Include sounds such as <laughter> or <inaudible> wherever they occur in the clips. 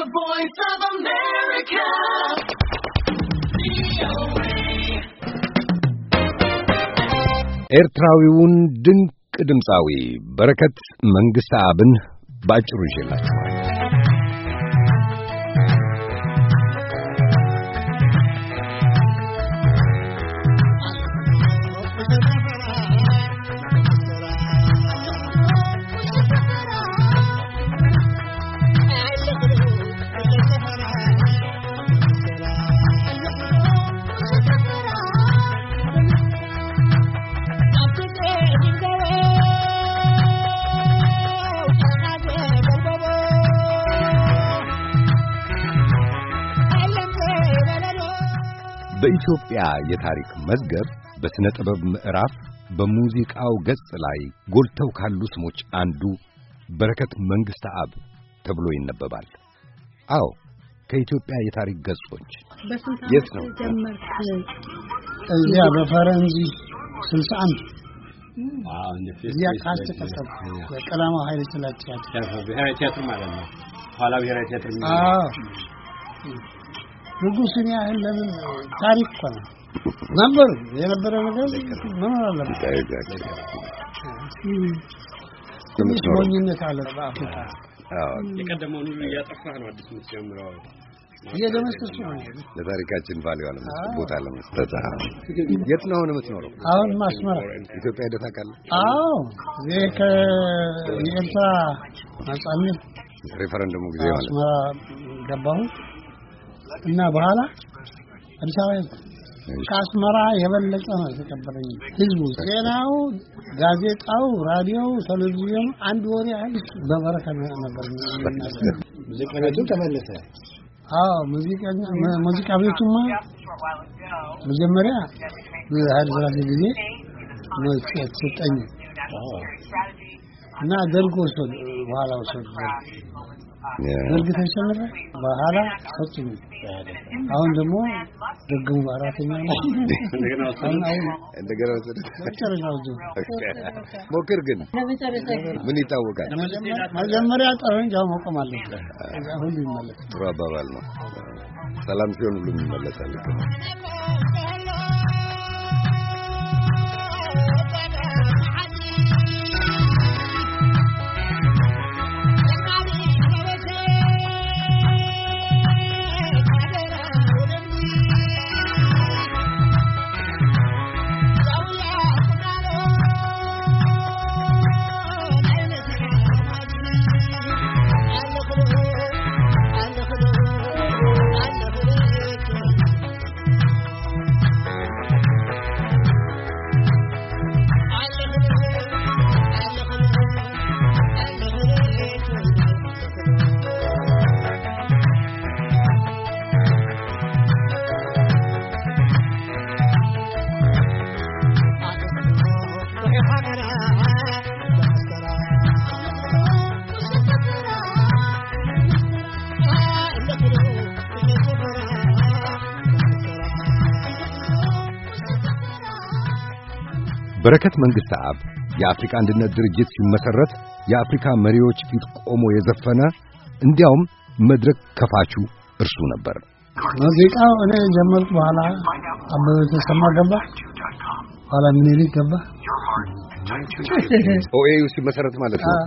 The voice of America. ኤርትራዊውን ድንቅ ድምፃዊ በረከት መንግሥት አብን ባጭሩ ይዤላችኋል። በኢትዮጵያ የታሪክ መዝገብ በሥነ ጥበብ ምዕራፍ በሙዚቃው ገጽ ላይ ጎልተው ካሉ ስሞች አንዱ በረከት መንግሥተ አብ ተብሎ ይነበባል። አዎ ከኢትዮጵያ የታሪክ ገጾች የት ነው? እዚያ በፈረንጅ ስልሳ አንድ እዚያ ካስተ ከተብ የቀለማው ኃይለ ሥላሴ ብሔራዊ ቲያትር ማለት ነው። ኋላ ብሔራዊ ቲያትር ንጉስን ያህል ለምን ታሪክ እኮ ነው ነበር የነበረ ነገር መኖር አለበት። ትንሽ ሞኝነት አለ በአፍሪካ የቀደመውን ሁሉ እያጠፋህ ነው አዲስ የምትጀምረው። እየደመሰሱ ነው ለታሪካችን ቫልዩ አለመስጠት ቦታ አለመስጠት። የት ነው አሁን የምትኖረው? አሁን ማስመራ ኢትዮጵያ ሄደህ ታውቃለህ? አዎ ከኤርትራ ነጻነት ጊዜ ማለት አስመራ እና በኋላ አዲስ አበባ ከአስመራ የበለጠ ነው የተቀበለኝ ህዝቡ። ዜናው፣ ጋዜጣው፣ ራዲዮው፣ ቴሌቪዥኑ አንድ ወሬ ያህል በበረከ ነበር። ሙዚቀኞቹ ተመለሰ። አዎ ሙዚቀኛ ሙዚቃ ቤቱማ መጀመሪያ ኃይለ ሥላሴ ጊዜ ነው የተሰጠኝ እና ደርግ ወሰድ በኋላ ወሰድ በእርግጥ ተጀመረ በኋላ ፈጽሙ አሁን ደግሞ ደግሙ በአራተኛ እንደገና ሞክር ግን ምን ይታወቃል። መጀመሪያ ጠረን ጃው መቆም ሁሉ ይመለሳል። ጥሩ አባባል ነው። ሰላም ሲሆን ሁሉም ይመለሳል። በረከት መንግሥተ አብ የአፍሪካ አንድነት ድርጅት ሲመሠረት የአፍሪካ መሪዎች ፊት ቆሞ የዘፈነ እንዲያውም መድረክ ከፋቹ እርሱ ነበር። ሙዚቃ እኔ ጀመርኩ። በኋላ አበበ ተሰማ ገባ፣ በኋላ ምኒልክ ገባ። ኦኤዩ ሲመሠረት ማለት ነው።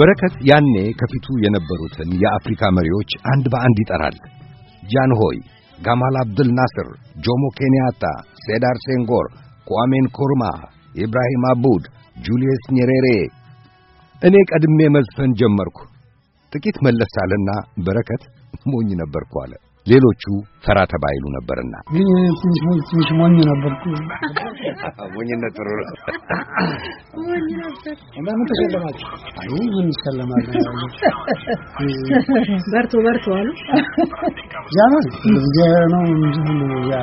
በረከት ያኔ ከፊቱ የነበሩትን የአፍሪካ መሪዎች አንድ በአንድ ይጠራል። ጃንሆይ፣ ጋማል አብዱል ናስር፣ ጆሞ ኬንያታ፣ ሴዳር ሴንጎር፣ ኳሜን ኮርማ፣ ኢብራሂም አቡድ፣ ጁልየስ ኔሬሬ። እኔ ቀድሜ መዝፈን ጀመርኩ። ጥቂት መለስ አለና በረከት ሞኝ ነበርኩ አለ። ሌሎቹ ፈራ ተባይሉ ነበርና ትንሽ ሞኝ ትንሽ ሞኝ ነበርኩ። ሞኝነት ጥሩ ነው። ሞኝ ተሸለማችሁ? ምን ይሸለማል? በርቶ በርቶ አሉ። ያ ነው ነው ያ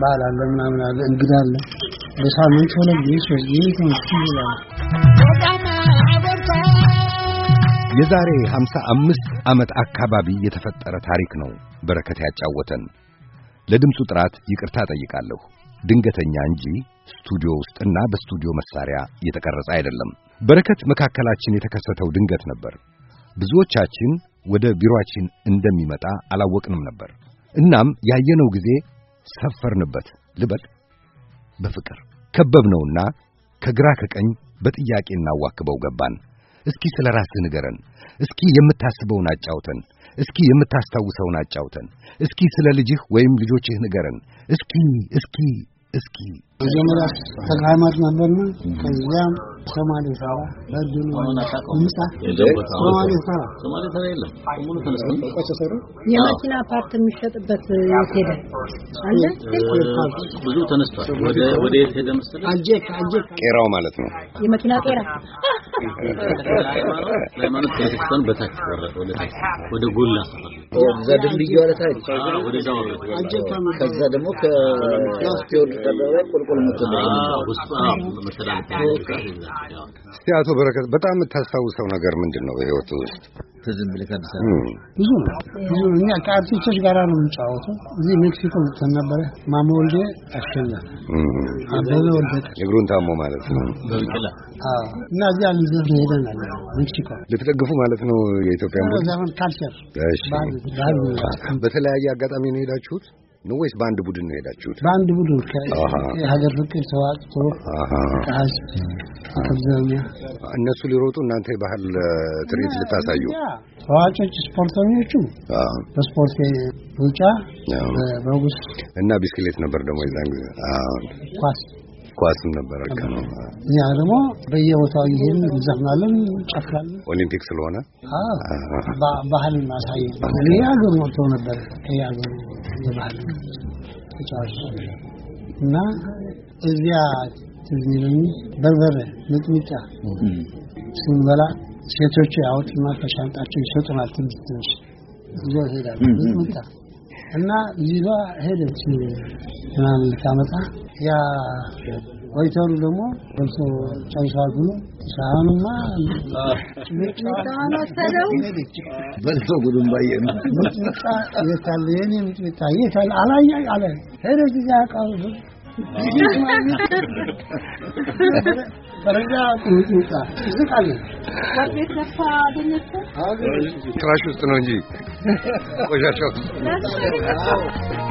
በዓል አለ ምናምን አለ እንግዳ አለ በሳምንት ይላል። የዛሬ ሃምሳ አምስት ዓመት አካባቢ የተፈጠረ ታሪክ ነው በረከት ያጫወተን። ለድምፁ ጥራት ይቅርታ ጠይቃለሁ። ድንገተኛ እንጂ ስቱዲዮ ውስጥና በስቱዲዮ መሳሪያ የተቀረጸ አይደለም። በረከት መካከላችን የተከሰተው ድንገት ነበር። ብዙዎቻችን ወደ ቢሮአችን እንደሚመጣ አላወቅንም ነበር። እናም ያየነው ጊዜ ሰፈርንበት፣ ልበል በፍቅር ከበብነውና ከግራ ከቀኝ በጥያቄ እናዋክበው ገባን። እስኪ ስለ ራስህ ንገረን። እስኪ የምታስበውን አጫውተን። እስኪ የምታስታውሰውን አጫውተን። እስኪ ስለ ልጅህ ወይም ልጆችህ ንገረን። እስኪ እስኪ እስኪ መጀመሪያ ተክለ ነበርና ከዚያም ሶማሌ ሳራ በርዱን ምሳ ሶማሌ ሶማሌ የለም። ሙሉ ተነስተን የመኪና ፓርት የሚሸጥበት የት ሄደ አለ? ብዙ ተነስቷል። ወደ ወደ የት ሄደ መሰለህ? አልጄክ ቄራው ማለት ነው። የመኪና ቄራ በታች ወረደ ወደ ታች ወደ ጎላ ሰፈር እዛ ወደ ታች ወደዛ ወረደ። ከዛ ደግሞ ወደ ተደረ ቁልቁል እስቲ አቶ በረከት በጣም የምታስታውሰው ነገር ምንድን ነው? በህይወት ውስጥ ዝም ብለህ ከአዲስ ብዙ ነው ብዙ እኛ ከአርቲስቶች ጋር ነው የምጫወተው። እዚህ ሜክሲኮ ልተን ነበረ። ማሞ ወልዴ አሸናፊ፣ አበበ ወልዴ እግሩን ታሞ ማለት ነው በብቅላ እና እዚያ ልዘፍ ነው ሄደን አለ ሜክሲኮ ልትደግፉ ማለት ነው የኢትዮጵያ ዘፈን ካልቸር በተለያየ አጋጣሚ ነው ሄዳችሁት ነው ወይስ በአንድ ቡድን ነው የሄዳችሁት? በአንድ ቡድን የሀገር ፍቅር ተዋጽቶ ቃስ አብዛኛ እነሱ ሊሮጡ እናንተ የባህል ትርኢት ልታሳዩ ተዋጮች ስፖርተኞቹ በስፖርት ሩጫ በጉስ እና ቢስክሌት ነበር ደግሞ የዛን ጊዜ ኳስ ኳስም ነበር ነው። እኛ ደግሞ በየቦታው ይሄን እንዘፍናለን፣ ጨፍራለን። ኦሊምፒክ ስለሆነ ባህልን ማሳየት ይሄ ሀገር ወጥቶ ነበር ይሄ የባህል ተጫዋች እና እዚያ ትዝሚልን በርበሬ፣ ሚጥሚጣ ስንበላ ሴቶቹ ያወጡና ከሻንጣቸው ይሰጡናል። ትንሽ ትንሽ ይዞ ይሄዳል ሚጥሚጣ እና ይዟ ሄደች ምናምን ልታመጣ ያ ወይተሩ ደግሞ ወልሶ ጨንሻል ብሎ ሻኑማ ሚጥሚጣ ወሰደው በልቶ ጉዱን ባየ ሚጥሚጣ የታለ የኔ ሚጥሚጣ የታለ አላየ አለ ሄደ ጊዜ አቃሉ ክራሽ ውስጥ ነው እንጂ ቆሻሻ ውስጥ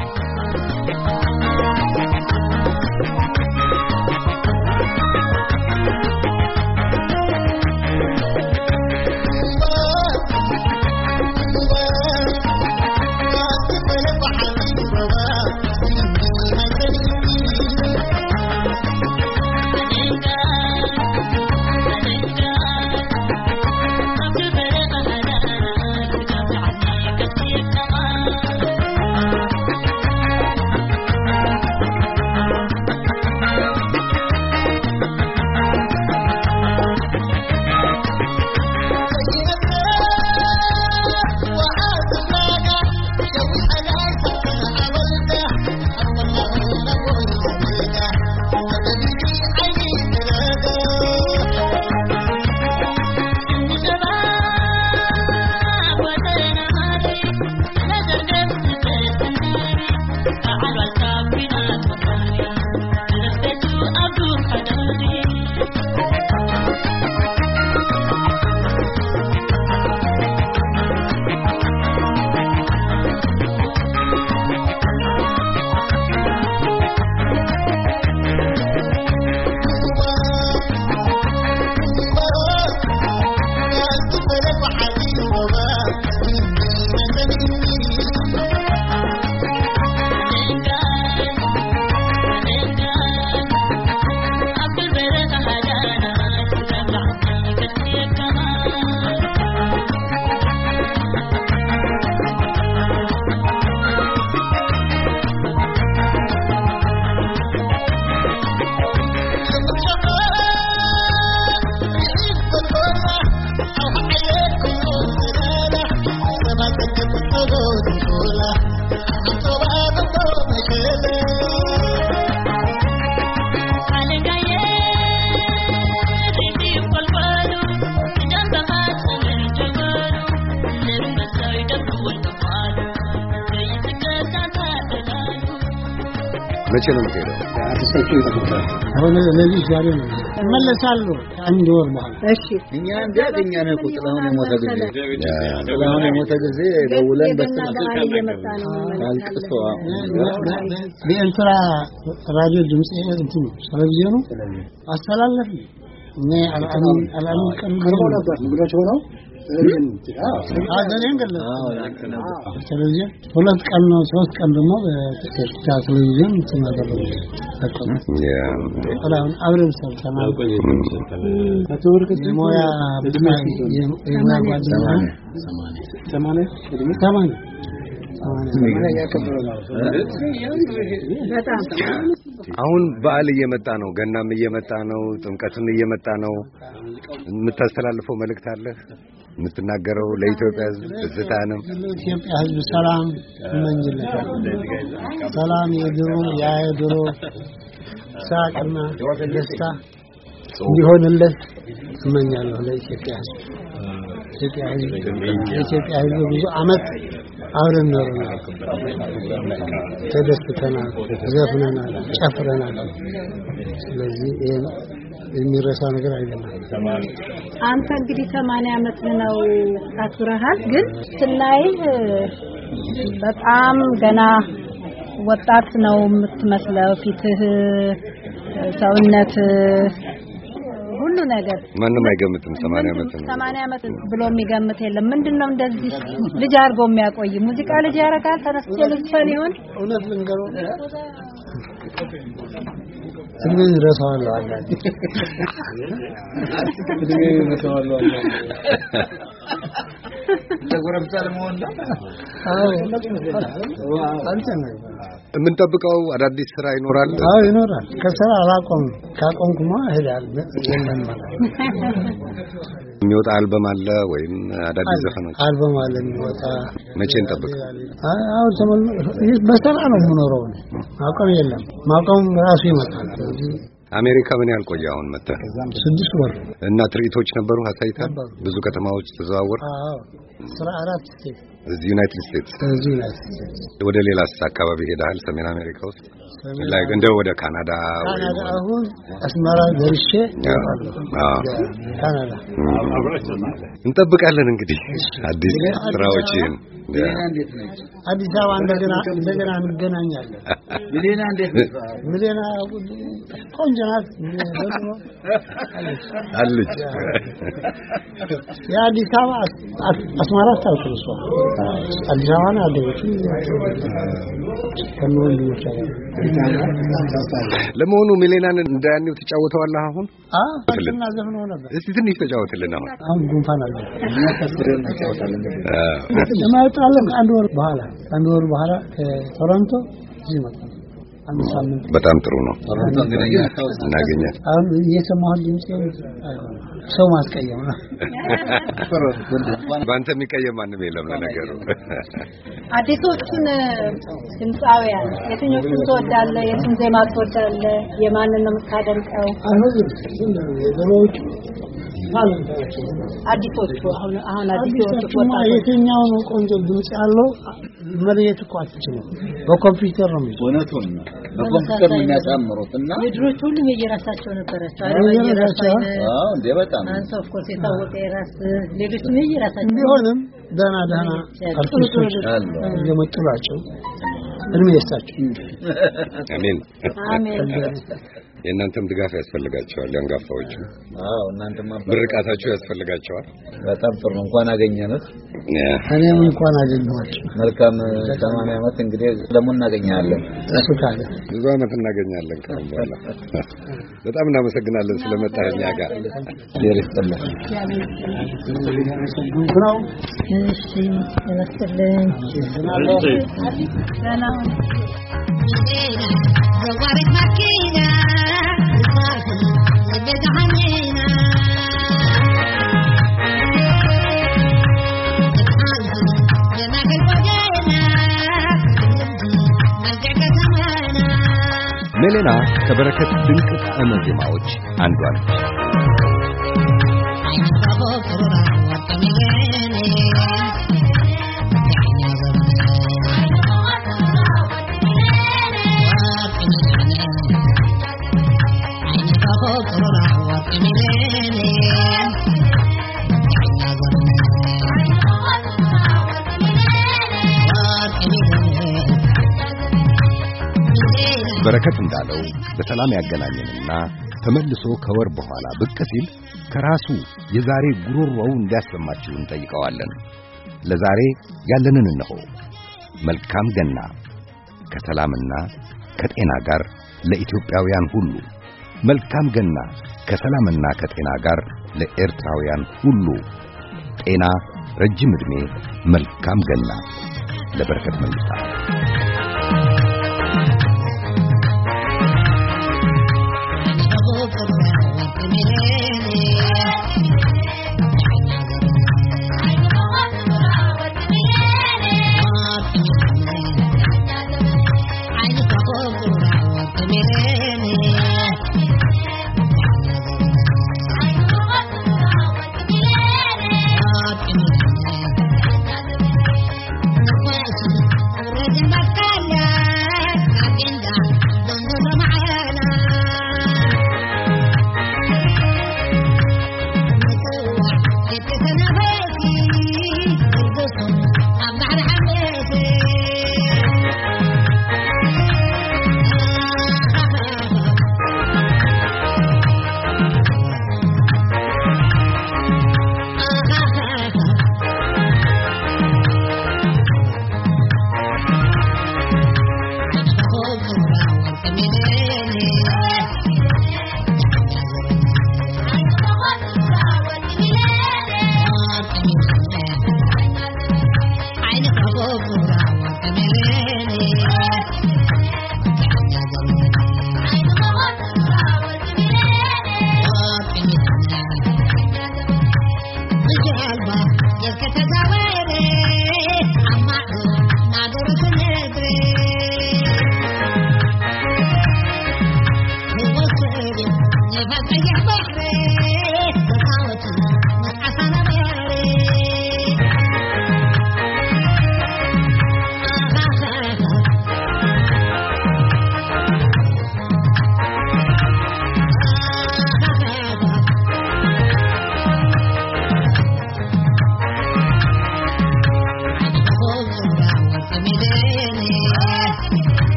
መቼ ነው የምትሄደው? አሁን ለዚህ ዛሬ ነው እመለሳለሁ። አንድ ወር ማለት እሺ። እኛ እንዲያገኛ ነው ጥላሁን የሞተ ጊዜ ጥላሁን የሞተ ጊዜ ደውለን በኤርትራ ራዲዮ ድምጽ እንትን እኔ አልአሚን ሆነው ሁለት ቀን ነው ሶስት ቀን ደግሞ በቴክቻ ቴሌቪዥን ስናደረጉ አብረን ጓደኛ አሁን በዓል እየመጣ ነው፣ ገናም እየመጣ ነው፣ ጥምቀትም እየመጣ ነው። የምታስተላልፈው መልእክት አለህ? የምትናገረው ለኢትዮጵያ ሕዝብ ትዝታ ነው። ኢትዮጵያ ሕዝብ ሰላም እመኝለት። ሰላም የድሮ የድሮ ሳቅና ደስታ እንዲሆንለት እመኛለሁ። ለኢትዮጵያ ሕዝብ ኢትዮጵያ ሕዝብ ብዙ አመት አብረን ኖረናል፣ ተደስተናል፣ ዘፍነናል፣ ጨፍረናል። ስለዚህ ይሄ የሚረሳ ነገር አይደለም። አንተ እንግዲህ ሰማንያ ዓመት ነው አክብረሃል፣ ግን ስናይህ በጣም ገና ወጣት ነው የምትመስለው። ፊትህ፣ ሰውነት፣ ሁሉ ነገር ማንም አይገምትም። 80 ዓመት ነው 80 ዓመት ብሎ የሚገምት የለም። ምንድነው እንደዚህ ልጅ አድርጎ የሚያቆይ ሙዚቃ ልጅ ያደርጋል። ተነስቶ ልጅ ይሆን እውነት ልንገረው ስምን ረሳዋለሁ አንዳንዴ ረሳዋለሁ ለጎረብታ ለመሆን የምንጠብቀው አዳዲስ ስራ ይኖራል። አዎ ይኖራል። ከስራ አላቆም ካቆምኩማ እሄዳለሁ። የሚወጣ አልበም አለ ወይም አዳዲስ ዘፈኖች? አልበም አለ የሚወጣ። መቼ እንጠብቅ? አሁን ተመል በሰራ ነው የምኖረው። ማቆም የለም ማቆም ራሱ ይመጣል። አሜሪካ ምን ያህል ቆየ? አሁን መጣ ስድስት ወር እና ትርኢቶች ነበሩ። አሳይታል። ብዙ ከተማዎች ተዘዋወር። ስራ አራት እዚህ ዩናይትድ ስቴትስ። ወደ ሌላስ አካባቢ ሄደሃል? ሰሜን አሜሪካ ውስጥ ላይ እንደ ወደ ካናዳ ወይ አሁን አስመራ ደርሼ ካናዳ እንጠብቃለን እንግዲህ አዲስ ስራዎችን ሚሊና እንዴት ነች? አዲስ አበባ እንደገና እንደገና እንገናኛለን። እንዴት ነች? ቆንጆ ናት አለች። የአዲስ አበባ አስማራ አታውቅም እሷ አዲስ አበባ ነው ያደገችው። ለመሆኑ ሚሊናን እንዳያኔው ተጫውተዋለህ? አሁን አሁንና ዘፍነው ነበር። እስቲ ትንሽ ተጫወትልን። አሁን አሁን ጉንፋን አለ እንቀጥላለን። ከአንድ ወር በኋላ ከአንድ ወር በኋላ ከቶሮንቶ እዚህ መጣሁ። አንድ ሳምንት በጣም ጥሩ ነው። እናገኛ አሁን እየሰማሁህ ድምጽ ሰው ማስቀየም ነው። <laughs> በአንተ የሚቀየም ማንም የለም። ለነገሩ <laughs> አዲሶቹን ድምፃውያን የትኞቹን ትወዳለህ? የቱን ዜማ ትወዳለህ? የማንን ነው የምታደንቀው? አዲሶቹ የትኛው ነው ቆንጆ ድምጽ ያለው መለየት እኮ አትችልም። በኮምፒውተር ነው እውነቱን በኮምፒውተር ነው የሚያሳምሩት እና ሁሉም የየራሳቸው በጣም የታወቀ የራስ ሌሎችም የየራሳቸው ቢሆንም ደህና ደህና አርቲስቶች ናቸው። እድሜ ይስጣቸው። አሜን አሜን። የእናንተም ድጋፍ ያስፈልጋቸዋል። ያንጋፋዎቹ አዎ፣ እናንተም ብርቃታችሁ ያስፈልጋቸዋል። በጣም ጥሩ እንኳን አገኘነት እኔም እንኳን አገኘኋችሁ። መልካም ሰማንያ ዓመት እንግዲህ ደግሞ እናገኛለን። እሱ ካለ ብዙ ዓመት እናገኛለን ካሁን በኋላ። በጣም እናመሰግናለን ስለመጣህ እኛ ጋር ነው። እሺ ይመስልኝ ነው። ሜሌና ከበረከት ድንቅ ጣዕመ ዜማዎች አንዷ ነች። በረከት እንዳለው በሰላም ያገናኘንና ተመልሶ ከወር በኋላ ብቅ ሲል ከራሱ የዛሬ ጉሮሮው እንዲያሰማችሁን እንጠይቀዋለን። ለዛሬ ያለንን እነሆ። መልካም ገና ከሰላምና ከጤና ጋር ለኢትዮጵያውያን ሁሉ። መልካም ገና ከሰላምና ከጤና ጋር ለኤርትራውያን ሁሉ። ጤና፣ ረጅም ዕድሜ፣ መልካም ገና ለበረከት መንግሥታ